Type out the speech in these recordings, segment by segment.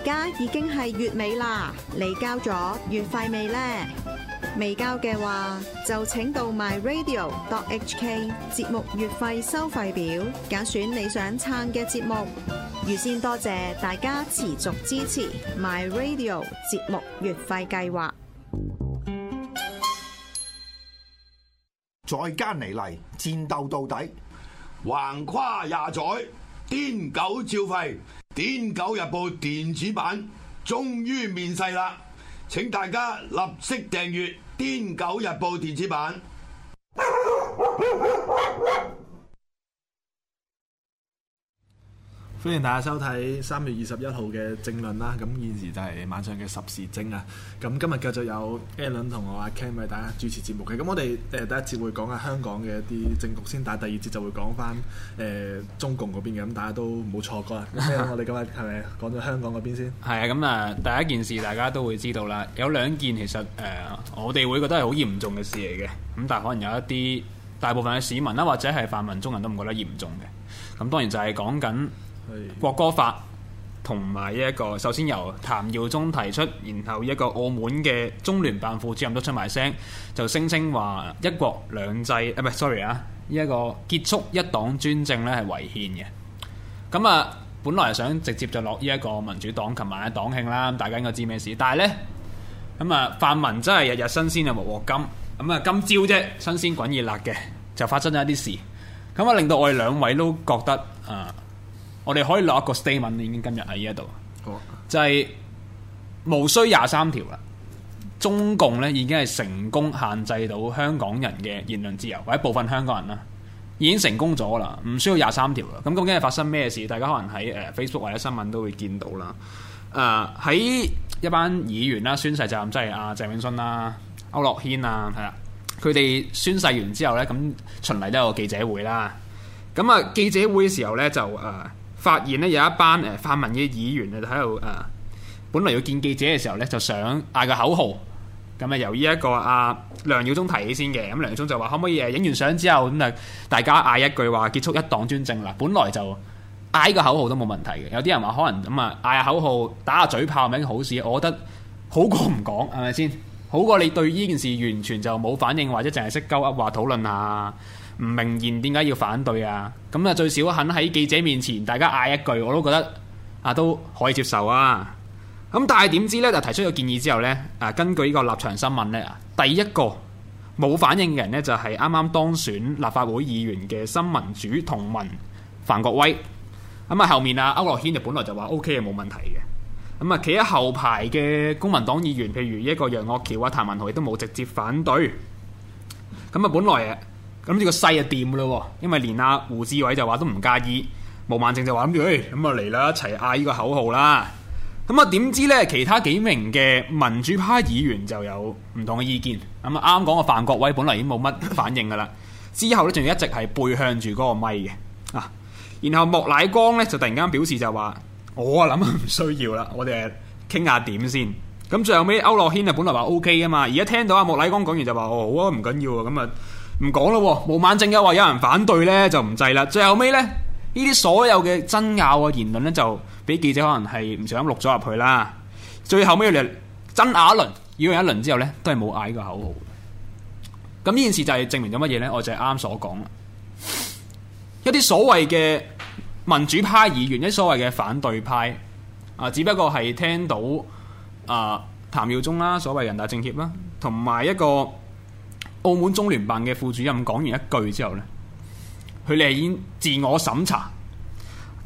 而家已經係月尾啦，你交咗月費未呢？未交嘅話，就請到 myradio.hk 節目月費收費表，揀選你想撐嘅節目。預先多謝大家持續支持 myradio 節目月費計劃。再加你嚟，戰鬥到底，橫跨廿載，癲狗照吠。《癲狗日報》電子版終於面世啦，請大家立即訂閱《癲狗日報》電子版。歡迎大家收睇三月二十一號嘅政論啦。咁現時就係晚上嘅十時正啊。咁今日繼續有 Allen 同我阿 Ken 為大家主持節目嘅。咁我哋誒第一節會講下香港嘅一啲政局先，但係第二節就會講翻誒中共嗰邊嘅。咁大家都唔好錯過啊。咁我哋今日係咪講咗香港嗰邊先？係啊，咁啊，第一件事大家都會知道啦。有兩件其實誒、呃，我哋會覺得係好嚴重嘅事嚟嘅。咁但係可能有一啲大部分嘅市民啦，或者係泛民中人都唔覺得嚴重嘅。咁當然就係講緊。國歌法同埋呢一個，首先由譚耀宗提出，然後一個澳門嘅中聯辦副主任都出埋聲，就聲稱話一國兩制啊，唔係 sorry 啊，呢一個結束一黨專政呢係違憲嘅。咁啊，本來想直接就落呢一個民主黨，琴晚嘅黨慶啦，大家應該知咩事，但係呢，咁啊泛民真係日日新鮮又無合金，咁啊今朝啫新鮮滾熱辣嘅就發生咗一啲事，咁啊令到我哋兩位都覺得啊～我哋可以落一個 statement 已經今日喺呢一度，好啊、就係、是、無需廿三條啦。中共咧已經係成功限制到香港人嘅言論自由，或者部分香港人啦，已經成功咗啦，唔需要廿三條啦。咁、嗯、究竟係發生咩事？大家可能喺誒、呃、Facebook 或者新聞都會見到啦。誒、呃、喺一班議員啦宣誓就任、是，即係阿鄭泳舜啦、啊、區諾軒啊，係啦，佢哋宣誓完之後咧，咁、嗯、循例都有個記者會啦。咁、嗯、啊，記者會嘅時候咧就誒。呃發現咧有一班誒泛民嘅議員啊，喺度誒，本嚟要見記者嘅時候咧，就想嗌個口號。咁啊，由依一個阿梁耀忠提起先嘅，咁梁耀忠就話可唔可以誒影完相之後咁啊，大家嗌一句話結束一黨專政啦。本來就嗌個口號都冇問題嘅，有啲人話可能咁啊嗌下口號打下嘴炮係一件好事，我覺得好過唔講，係咪先？好過你對呢件事完全就冇反應，或者淨係識鳩噏話討論下。唔明言點解要反對啊？咁啊最少肯喺記者面前大家嗌一句，我都覺得啊都可以接受啊。咁但係點知呢？就提出個建議之後呢，啊根據呢個立場新聞呢，第一個冇反應嘅人呢，就係啱啱當選立法會議員嘅新民主同盟范國威。咁啊後面啊歐樂軒就本來就話 OK 冇問題嘅。咁啊企喺後排嘅公民黨議員，譬如一個楊岳橋啊、譚文豪，亦都冇直接反對。咁啊本來諗呢個勢就掂噶啦，因為連阿胡志偉就話都唔介意，毛孟靜就話諗住，誒咁啊嚟啦，一齊嗌呢個口號啦。咁、嗯、啊，點知呢？其他幾名嘅民主派議員就有唔同嘅意見。咁、嗯、啊，啱講個范國威本嚟已經冇乜反應噶啦，之後呢，仲要一直係背向住嗰個咪嘅啊。然後莫乃光呢，就突然間表示就話，我啊諗唔需要啦，我哋傾下點先。咁、嗯、最後尾區諾軒啊，本來話 O K 噶嘛，而家聽到阿莫乃光講完就話，哦好啊，唔緊要啊，咁啊。唔講啦，毛孟靜嘅話有人反對呢，就唔制啦。最後尾呢，呢啲所有嘅爭拗嘅言論呢，就俾記者可能係唔想錄咗入去啦。最後尾真爭拗一輪，議員一輪之後呢，都係冇嗌呢個口號。咁呢件事就係證明咗乜嘢呢？我就係啱啱所講啦，一啲所謂嘅民主派議員，一所謂嘅反對派，啊，只不過係聽到啊、呃，譚耀宗啦，所謂人大政協啦，同埋一個。澳門中聯辦嘅副主任講完一句之後呢，佢哋已經自我審查，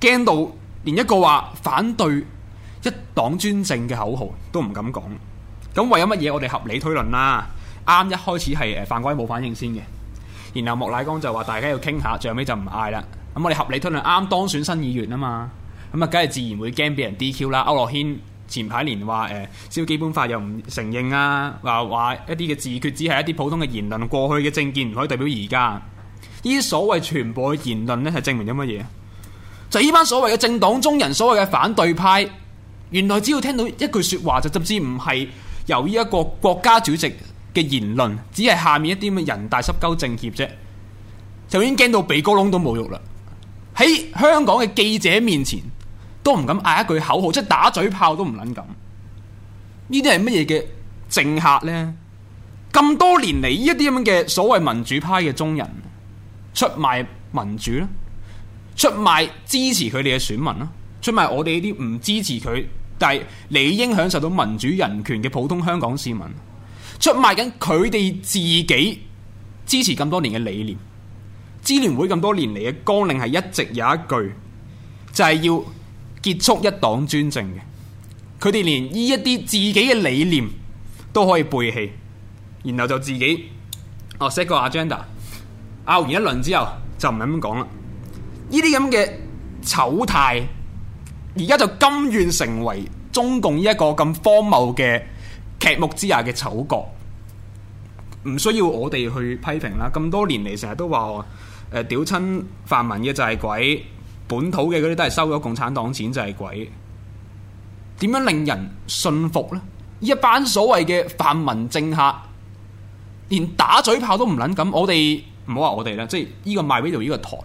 驚到連一個話反對一黨專政嘅口號都唔敢講。咁為咗乜嘢？我哋合理推論啦，啱一開始係誒范光冇反應先嘅，然後莫乃光就話大家要傾下，最後尾就唔嗌啦。咁我哋合理推論啱當選新議員啊嘛，咁啊梗係自然會驚俾人 DQ 啦。歐樂軒。前排連話誒燒基本法又唔承認啊，話話一啲嘅自決只係一啲普通嘅言論，過去嘅政見唔可以代表而家。呢啲所謂全部嘅言論呢，係證明咗乜嘢？就呢班所謂嘅政黨中人，所謂嘅反對派，原來只要聽到一句説話，就甚至唔係由依一個國家主席嘅言論，只係下面一啲咁嘅人大濕鳩政協啫，就已經驚到鼻哥窿都冇肉啦。喺香港嘅記者面前。都唔敢嗌一句口號，即係打嘴炮都唔捻咁。呢啲係乜嘢嘅政客呢？咁多年嚟，呢一啲咁嘅所謂民主派嘅中人，出賣民主啦，出賣支持佢哋嘅選民啦，出賣我哋呢啲唔支持佢，但係理應享受到民主人權嘅普通香港市民，出賣緊佢哋自己支持咁多年嘅理念。支聯會咁多年嚟嘅綱領係一直有一句，就係要。結束一黨專政嘅，佢哋連依一啲自己嘅理念都可以背棄，然後就自己哦 set 個 agenda，拗完一輪之後就唔係咁講啦。呢啲咁嘅醜態，而家就甘願成為中共依一個咁荒謬嘅劇目之下嘅丑角，唔需要我哋去批評啦。咁多年嚟，成日都話誒，屌親泛民嘅就係鬼。本土嘅嗰啲都係收咗共產黨錢就係、是、鬼，點樣令人信服呢？一班所謂嘅泛民政客，連打嘴炮都唔撚咁，我哋唔好話我哋咧，即係呢個 MyRadio 呢個台，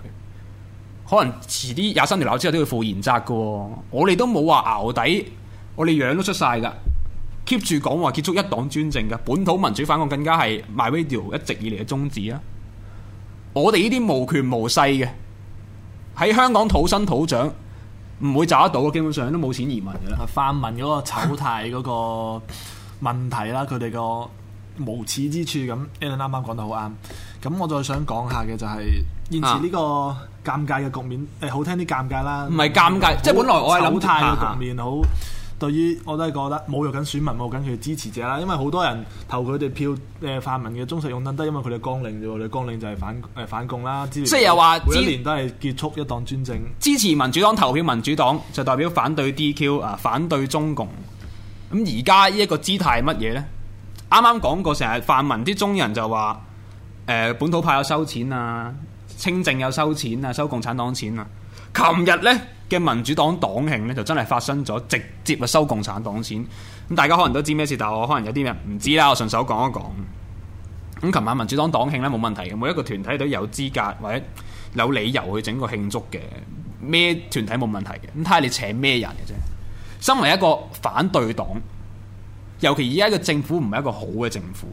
可能遲啲廿三條樓之後都要負嚴責噶、哦。我哋都冇話淆底，我哋樣都出晒噶，keep 住講話結束一黨專政嘅本土民主反抗更加係 MyRadio 一直以嚟嘅宗旨啊！我哋呢啲無權無勢嘅。喺香港土生土長，唔會找得到嘅，基本上都冇錢移民嘅啦。泛民嗰個醜態嗰個問題啦，佢哋個無恥之處咁。Alan 啱啱講得好啱，咁我再想講下嘅就係、是、現時呢個尷尬嘅局面，誒、啊欸、好聽啲尷尬啦，唔係尷尬，即係本來我係諗醜態嘅局面好。 對於我都係覺得侮辱緊選民，侮辱緊佢支持者啦。因為好多人投佢哋票，誒、呃、泛民嘅忠實擁躉，因為佢哋綱領，佢哋綱領就係反誒、呃、反共啦。即係又話，每一年都係結束一黨專政。支持民主黨投票民主黨，就代表反對 DQ 啊，反對中共。咁而家呢一個姿態乜嘢呢？啱啱講過成日泛民啲中人就話，誒、呃、本土派有收錢啊，青政有收錢啊，收共產黨錢啊。琴日呢，嘅民主黨黨慶呢，就真係發生咗直接啊收共產黨錢。咁大家可能都知咩事，但我可能有啲人唔知啦，我順手講一講。咁、嗯、琴晚民主黨黨慶呢，冇問題嘅，每一個團體都有資格或者有理由去整個慶祝嘅，咩團體冇問題嘅。咁睇下你請咩人嘅啫。身為一個反對黨，尤其而家一個政府唔係一個好嘅政府，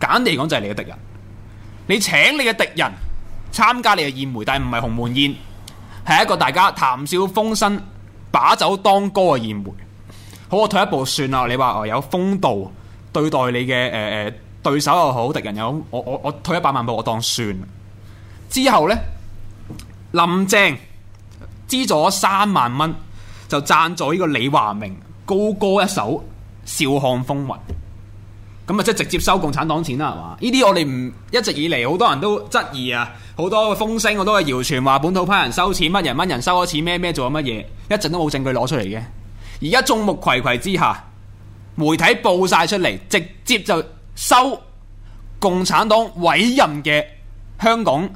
簡地嚟講就係你嘅敵人。你請你嘅敵人參加你嘅宴會，但係唔係鴻門宴。係一個大家談笑風生、把酒當歌嘅宴會。好，我退一步算啦。你話哦有風度對待你嘅誒誒對手又好，敵人又好，我我我退一百萬步，我當算。之後呢，林鄭支咗三萬蚊，就贊助呢個李華明高歌一首，笑看風雲。咁啊，即係直接收共產黨錢啦，係嘛？呢啲我哋唔，一直以嚟好多人都質疑啊，好多風聲我都係謠傳話本土派人收錢，乜人乜人收咗錢，咩咩做咗乜嘢，一直都冇證據攞出嚟嘅。而家眾目睽睽之下，媒體報晒出嚟，直接就收共產黨委任嘅香港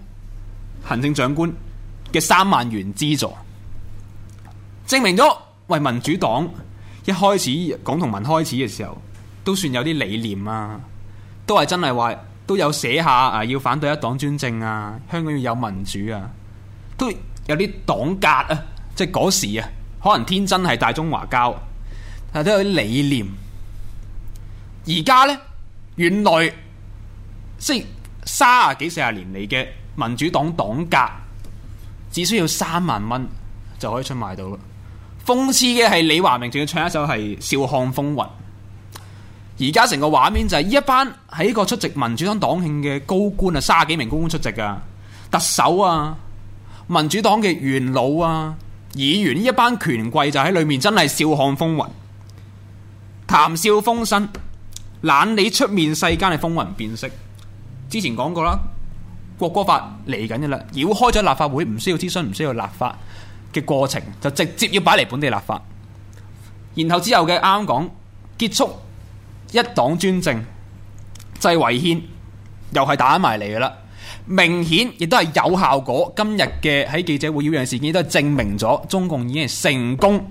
行政長官嘅三萬元資助，證明咗為民主黨一開始港同盟開始嘅時候。都算有啲理念啊，都係真係話都有寫下啊，要反對一黨專政啊，香港要有民主啊，都有啲黨格啊，即係嗰時啊，可能天真係大中華交，但都有啲理念。而家呢，原來即三十幾四十年嚟嘅民主黨黨格，只需要三萬蚊就可以出賣到啦。諷刺嘅係李華明，仲要唱一首係笑看風雲。而家成個畫面就係一班喺個出席民主黨黨慶嘅高官啊，卅幾名高官出席，噶，特首啊，民主黨嘅元老啊，議員呢一班權貴就喺裏面真係笑看風雲，談笑風生，懶理出面世間嘅風雲變色。之前講過啦，國歌法嚟緊嘅啦，繞開咗立法會，唔需要諮詢，唔需要立法嘅過程，就直接要擺嚟本地立法，然後之後嘅啱啱講結束。一黨專政、制為憲，又係打埋嚟嘅啦。明顯亦都係有效果。今日嘅喺記者會擾攘事件，亦都係證明咗中共已經係成功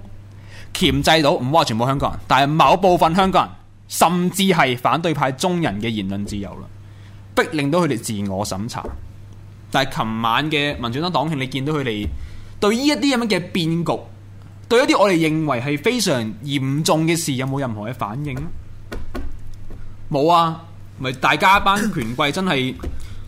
鉗制到唔好話全部香港人，但係某部分香港人甚至係反對派中人嘅言論自由啦，逼令到佢哋自我審查。但係琴晚嘅民主黨黨慶，你見到佢哋對呢一啲咁嘅變局，對一啲我哋認為係非常嚴重嘅事，有冇任何嘅反應？冇啊，咪大家班權貴真係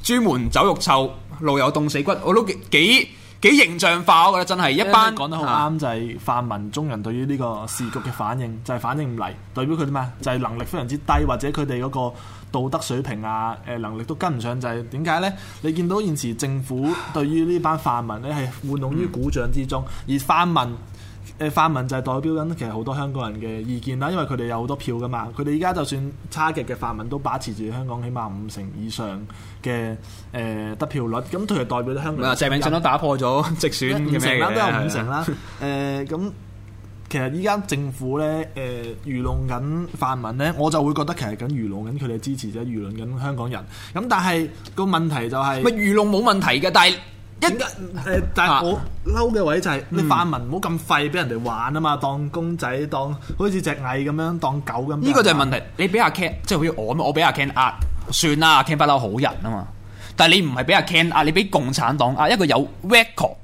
朱門酒肉臭，路有凍死骨，我都幾幾形象化，我覺得真係一班講得好啱、啊，就係、是、泛民中人對於呢個時局嘅反應，就係、是、反應唔嚟，代表佢啲咩？就係、是、能力非常之低，或者佢哋嗰個道德水平啊、誒、呃、能力都跟唔上，就係點解呢？你見到現時政府對於呢班泛民，呢，係玩弄於鼓掌之中，嗯、而泛民。誒，泛民就係代表緊其實好多香港人嘅意見啦，因為佢哋有好多票噶嘛，佢哋而家就算差極嘅泛民都把持住香港起碼五成以上嘅誒得票率，咁佢佢代表嘅香港。唔係啊，謝偉俊謝 都打破咗直選咁樣嘅，都有五成啦，誒咁、 呃。其實依家政府咧誒愚弄緊泛民咧，我就會覺得其實緊愚弄緊佢哋支持者，愚弄緊香港人。咁但係個問題就係咪愚弄冇問題嘅，但係。點、呃、但係我嬲嘅位就係你泛民唔好咁廢，俾人哋玩啊嘛，嗯、當公仔，當好似隻蟻咁樣，當狗咁。呢個就係問題。啊、你俾阿 Ken，即係好似我咁，我俾阿 Ken 壓，算啦，Ken 不嬲好人啊嘛。但係你唔係俾阿 Ken 壓，你俾共產黨壓，一個有 record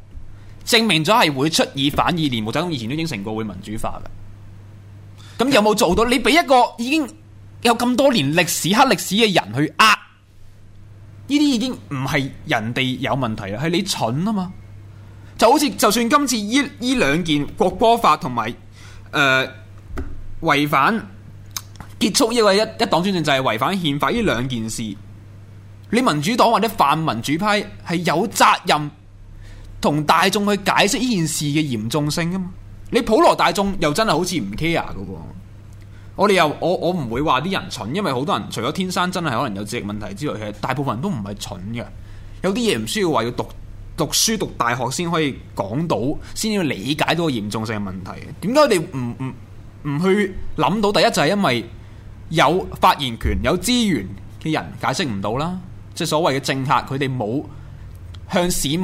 證明咗係會出爾反爾。連毛澤東以前都應承過會民主化嘅，咁有冇做到？其實、你俾一個已經有咁多年歷史、黑歷史嘅人去壓。呢啲已經唔係人哋有問題啦，係你蠢啊嘛！就好似就算今次依依兩件國歌法同埋誒違反結束依個一一黨專政，就係違反憲法呢兩件事。你民主黨或者泛民主派係有責任同大眾去解釋呢件事嘅嚴重性噶嘛？你普羅大眾又真係好似唔 care 㗎喎。我哋又我我唔會話啲人蠢，因為好多人除咗天生真係可能有智力問題之外，其實大部分人都唔係蠢嘅。有啲嘢唔需要話要讀讀書、讀大學先可以講到，先要理解到個嚴重性嘅問題。點解我哋唔唔唔去諗到？第一就係因為有發言權、有資源嘅人解釋唔到啦。即係所謂嘅政客，佢哋冇向市民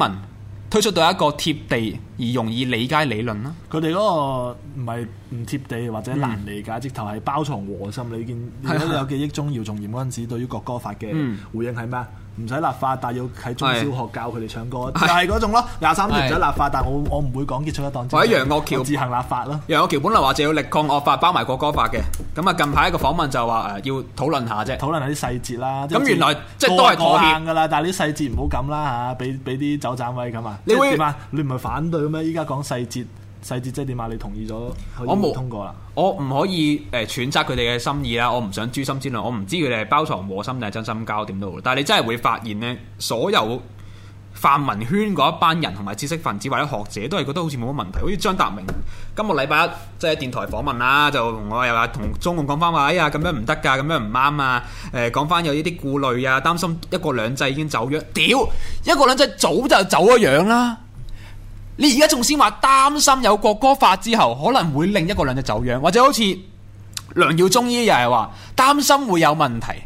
推出到一個貼地。而容易理解理論啦，啊，佢哋嗰個唔係唔貼地或者難理解，嗯、直頭係包藏禍心。你見而家有記憶中姚崇言嗰陣時對於國歌法嘅回應係咩？嗯唔使立法，但要喺中小學教佢哋唱歌，是就係嗰種咯。廿三條唔使立法，是但係我我唔會講結束一黨。或者楊岳橋自行立法咯。楊岳橋本來話就要力抗惡法，包埋國歌法嘅。咁啊，近排一個訪問就話誒要討論下啫，討論下啲細節啦。咁原來即係是都係妥協㗎啦，但係啲細節唔好咁啦吓，俾俾啲走盞位咁啊。你會點啊？你唔係反對咩？依家講細節。細節即係點啊？你同意咗，我冇通過啦。我唔可以誒揣測佢哋嘅心意啦。我唔想誅心之論。我唔知佢哋係包藏禍心，定係真心交點都好。但係你真係會發現呢，所有泛民圈嗰一班人同埋知識分子或者學者，都係覺得好似冇乜問題。好似張達明今個禮拜一即係電台訪問啦，就同我又話同中共講翻話，哎呀咁樣唔得㗎，咁樣唔啱啊！誒講翻有呢啲顧慮啊，擔心一國兩制已經走咗。屌，一國兩制早就走咗樣啦！你而家仲先話擔心有國歌法之後可能會另一個兩隻走樣，或者好似梁耀忠呢又係話擔心會有問題，係、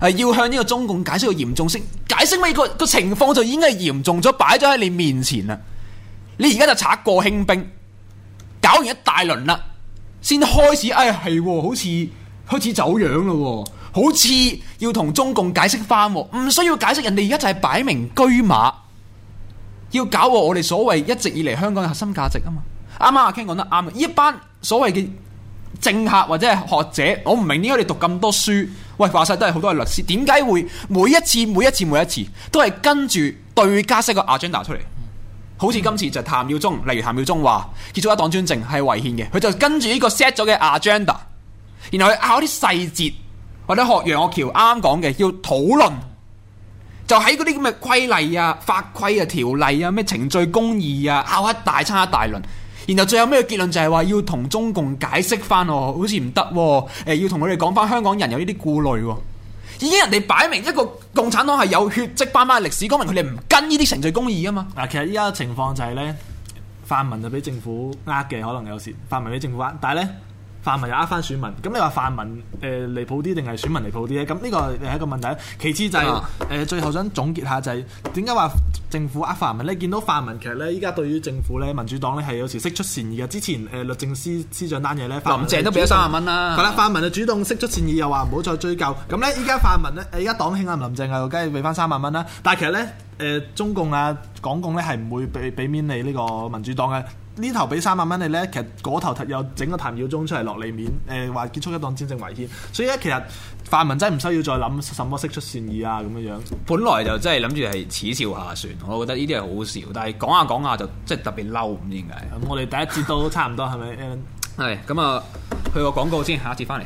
呃、要向呢個中共解釋個嚴重性，解釋咩？個個情況就已經係嚴重咗，擺咗喺你面前啦。你而家就拆過輕兵，搞完一大輪啦，先開始唉係喎，好似開始走樣啦喎，好似要同中共解釋返，唔需要解釋，人哋而家就係擺明車馬。要搞和我哋所謂一直以嚟香港嘅核心價值啊嘛，啱啱阿 Ken 講得啱啊！呢一班所謂嘅政客或者係學者，我唔明點解你讀咁多書，喂，話晒都係好多係律師，點解會每一次、每一次、每一次都係跟住對家 set 個 agenda 出嚟？好似今次就係譚耀宗，例如譚耀宗話結束一黨專政係違憲嘅，佢就跟住呢個 set 咗嘅 agenda，然後佢拗啲細節，或者學楊岳橋啱講嘅要討論。就喺嗰啲咁嘅規例啊、法規啊、條例啊、咩程序公義啊，拗一大餐一大輪，然後最後咩結論就係話要同中共解釋翻喎、哦，好似唔得喎，誒要同佢哋講翻香港人有呢啲顧慮喎、哦，已經人哋擺明一個共產黨係有血跡斑斑嘅歷史公民，講明佢哋唔跟呢啲程序公義啊嘛。嗱，其實依家情況就係呢，泛民就俾政府呃嘅，可能有時泛民俾政府呃，但係呢。泛民又呃翻選民，咁你話泛民誒、呃、離譜啲定係選民離譜啲咧？咁呢個係一個問題。其次就係、是、誒、啊呃，最後想總結下就係點解話政府呃泛民咧？見到泛民其實咧，依家對於政府咧，民主黨咧係有時釋出善意嘅。之前誒、呃、律政司司長單嘢咧，呢林鄭都俾咗三萬蚊啦。係啦，泛民就主動釋出善意，又話唔好再追究。咁咧依家泛民咧，依家黨慶啦，林鄭又梗係俾翻三萬蚊啦。但係其實咧，誒、呃、中共啊、港共咧係唔會俾俾面你呢個民主黨嘅。呢頭俾三百蚊你咧，其實嗰頭又整個譚耀宗出嚟落你面，誒話結束一黨專政危險，所以咧其實泛民真係唔需要再諗什麼釋出善意啊咁樣樣。本來就真係諗住係恥笑下算，我覺得呢啲係好笑，但係講下講下就即係特別嬲唔應該？咁、嗯、我哋第一節都差唔多係咪？係咁啊，去個廣告先，下一節翻嚟。